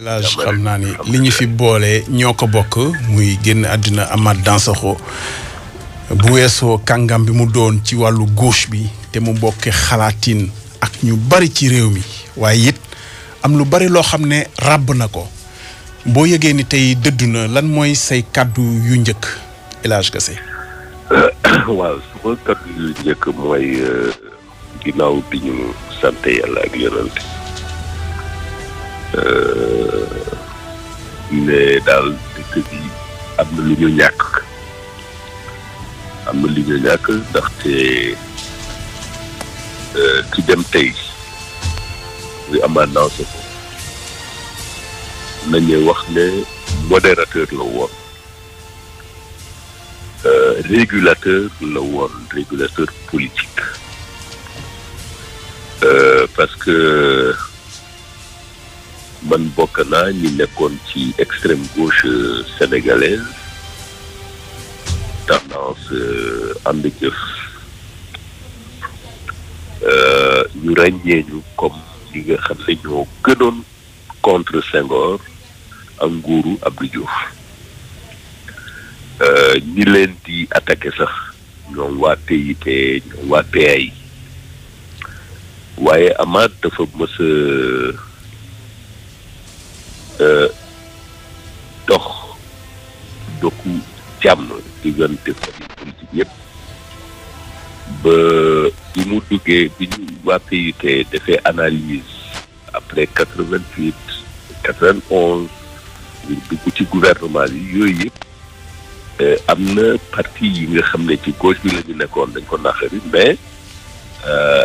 village xam naa ni li ñu fi boole ñoo ko bokk muy génn àdduna Amath Dansokho bu weesoo kàngam bi mu doon ci wàllu gauche bi te mu bokkee xalaatin ak ñu bari ci réew mi waaye it am lu bari loo xam ne ràbb na ko boo yëgee ni tey dëddu na lan mooy say kàddu yu njëkk Elhadj Kassé waaw suma Euh, ne daal dëkk bi am na lu ñu ñàkk am na lu ñu ñàkk ndaxte euh, ki dem tey muy Amath Dansokho nañu wax ne modérateur la woon euh, régulateur la woon régulateur politique parce que man bokk naa ñi nekkoon ci extrême gauche euh, sénégalaise tendance euh, ànd jëf euh, ñu ràññee ñu comme ñi nga xam ne ñoo gënoon contre Senghor ak nguuru Abdou Diouf ñi leen di attaqué sax ñoom waa PIT ñoom waa PAI waaye Amath dafa mës Euh, dox doxu jàmm diggante famille bi mu duggee bi ñu waa PIT defee analyse après quatre vingt huit quatre vingt onze dugg ci gouvernement yi yooyu yëpp euh, am na parti yi nga xam ne ci gauche bi la nekkoon dañ ko naqari mais euh,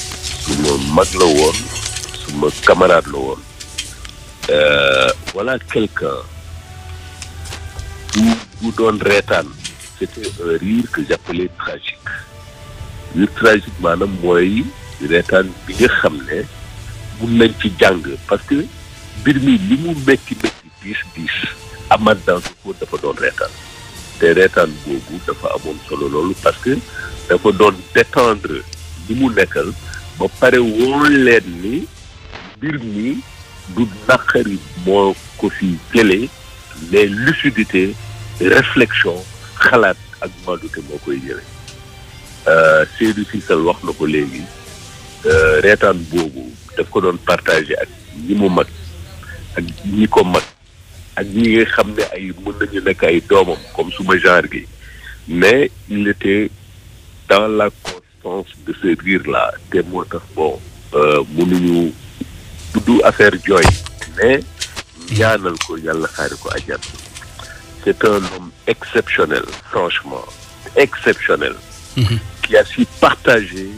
suma mag la woon suma camarade la woon euh, voilà quelqu'un bu bu doon reetaan c'était un rire que j'appelais tragique rire tragique maanaam mooy reetaan bi nga xam ne mun nañ ci jàng parce que mbir mi li mu métti métti diis diis Amath Dansokho dafa doon reetaan te reetaan googu dafa amoon solo loolu parce dafa doon détendre li mu nekkal ba pare woo leen ni mbir mi du naqari moo ko fi jëlee mais lucidité réflexion xalaat ak mandute moo koy jëlee euh, Seydou Cissal wax na ko léegi euh, reetaan boobu daf ko doon partager ak ñi mu mag ak ñi ko mag ak ñi nga xam ne ay mën nañu nekk ay doomam comme suma genre gi mais il était dans la de se dire là mots mots tax bon euh, tout affaire joy mais ko le ko c'est un homme exceptionnel franchement exceptionnel mhm. qui a su partager